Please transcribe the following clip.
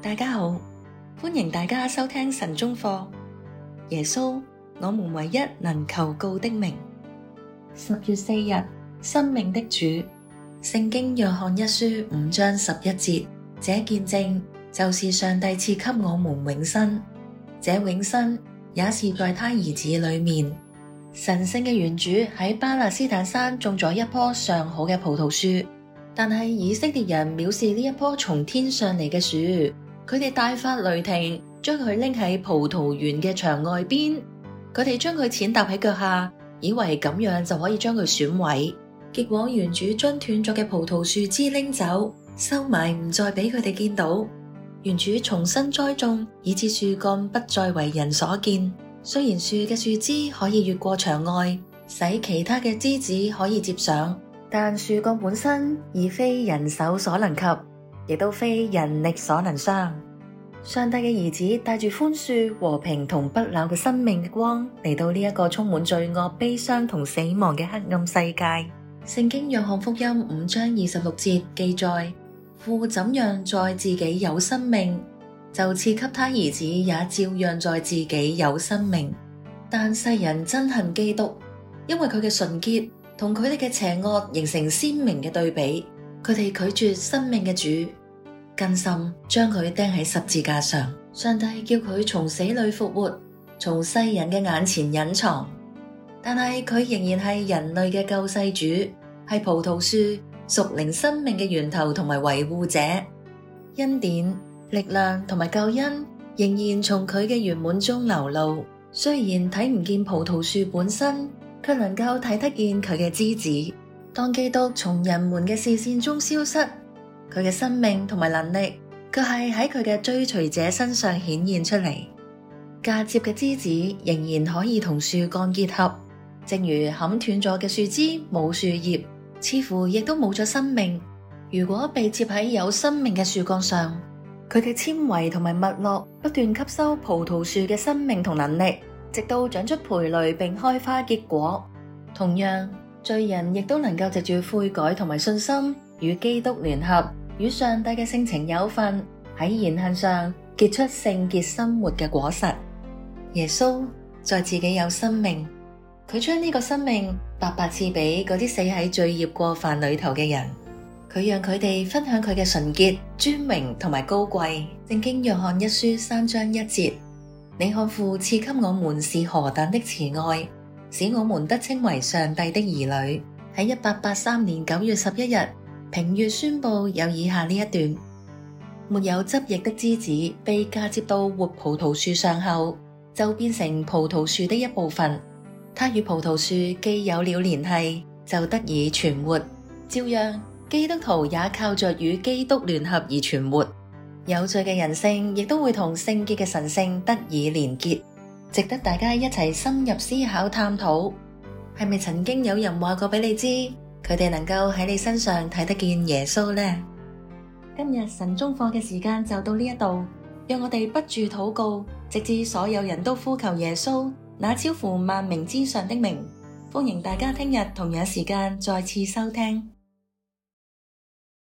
大家好，歡迎大家收聽神中課。耶穌，我們唯一能求告的名。十月四日，生命的主，聖經約翰一書五章十一節，這見證就是上帝賜給我們永生，這永生也是在祂兒子裏面。神聖嘅園主喺巴勒斯坦山種咗一棵上好嘅葡萄樹，但係以色列人藐視呢一棵從天上嚟嘅樹。佢哋大發雷霆，將佢拎喺葡萄園嘅牆外邊。佢哋將佢踐踏喺腳下，以為咁樣就可以將佢損毀。結果原主將斷咗嘅葡萄樹枝拎走，收埋唔再俾佢哋見到。原主重新栽種，以至樹幹不再為人所見。雖然樹嘅樹枝可以越過牆外，使其他嘅枝子可以接上，但樹幹本身已非人手所能及，亦都非人力所能傷。上帝嘅兒子帶住寬恕、和平同不朽嘅生命的光嚟到呢一個充滿罪惡、悲傷同死亡嘅黑暗世界。聖經約翰福音五章二十六節記載：父怎樣在自己有生命，就賜給他兒子也照樣在自己有生命。但世人憎恨基督，因為佢嘅純潔同佢哋嘅邪惡形成鮮明嘅對比。佢哋拒絕生命嘅主。根深，將佢釘喺十字架上。上帝叫佢從死裏復活，從世人嘅眼前隱藏，但係佢仍然係人類嘅救世主，係葡萄樹屬靈生命嘅源頭同埋維護者。恩典、力量同埋救恩仍然從佢嘅圓滿中流露。雖然睇唔見葡萄樹本身，卻能夠睇得見佢嘅枝子。當基督從人們嘅視線中消失，佢嘅生命同埋能力，佢係喺佢嘅追隨者身上顯現出嚟。嫁接嘅枝子仍然可以同樹幹結合，正如砍斷咗嘅樹枝冇樹葉，似乎亦都冇咗生命。如果被接喺有生命嘅樹幹上，佢嘅纖維同埋脈絡不斷吸收葡萄樹嘅生命同能力，直到長出蓓蕾並開花結果。同樣，罪人亦都能夠藉住悔改同埋信心與基督聯合。與上帝嘅性情有份，喺言行上結出聖潔生活嘅果實。耶穌在自己有生命，佢將呢個生命白白賜俾嗰啲死喺罪孽過犯裏頭嘅人，佢讓佢哋分享佢嘅純潔、尊榮同埋高貴。聖經約翰一書三章一節，你看父賜給我們是何等的慈愛，使我們得稱為上帝的兒女。喺一八八三年九月十一日。平月宣布有以下呢一段：沒有汁液的枝子被嫁接到活葡萄樹上後，就變成葡萄樹的一部分。它與葡萄樹既有了聯繫，就得以存活。照樣，基督徒也靠着與基督聯合而存活。有罪嘅人性亦都會同聖潔嘅神性得以連結。值得大家一齊深入思考探討，係咪曾經有人話過俾你知？佢哋能夠喺你身上睇得見耶穌呢？今日神中課嘅時間就到呢一度，讓我哋不住禱告，直至所有人都呼求耶穌，那超乎萬名之上的名。歡迎大家聽日同樣時間再次收聽。